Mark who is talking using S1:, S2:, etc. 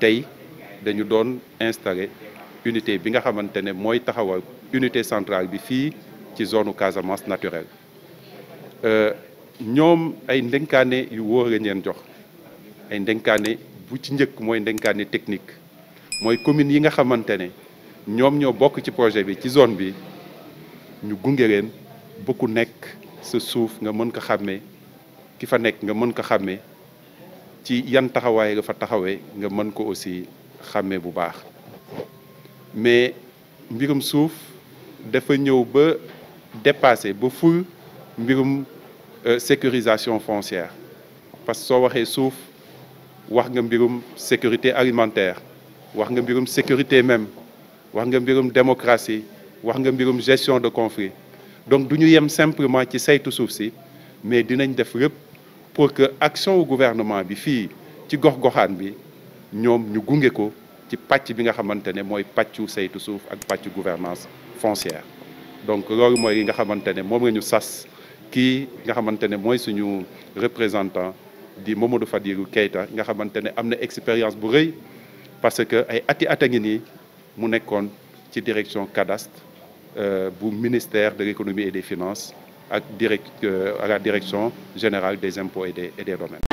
S1: tey dañu doon installé unité bi nga xamante ne mooy taxawal unité centrale bi fii ci zone u Casamance naturelle euh, ñoom ay ndenkaane yu wóor lañ jox ay ndenkaane bu ci njëkk mooy ndenkaane technique mooy commune yi nga xamante ne ñoom ñoo bokk ci projet bi ci zone bi ñu gunge leen ba nekk sa suuf nga mën ko xàmmee ki fa nekk nga mën ko xàmme ci yan taxawaay nga fa taxawee nga mën ko aussi xàmmee bu baax mais mbirum suuf dafa ñëw ba dépassé ba fu mbirum euh, sécurisation foncière parce que soo waxee suuf wax nga mbirum sécurité alimentaire wax nga mbirum sécurité même wax nga mbirum démocratie wax nga mbirum gestion de conflit donc du ñu yem simplement ci saytu suuf si mais dinañ def lépp pour que action wu gouvernement bi fii ci gox-goxaan bi ñoom ñu gunge ko ci pàcc bi nga xamante ne mooy pàccu saytu suuf ak pàccu gouvernance foncière donc loolu mooy li nga xamante ne moom la ñu sas kii nga xamante ne mooy suñu représentant di Mamadou Fadilou Keita nga xamante ne am na expérience bu rëy parce que ay ati at a ngi nii mu nekkoon ci direction cadastre euh, bu ministère de l'économie et des finance ak direct euh, à la direction générale des impôts et des et des domaines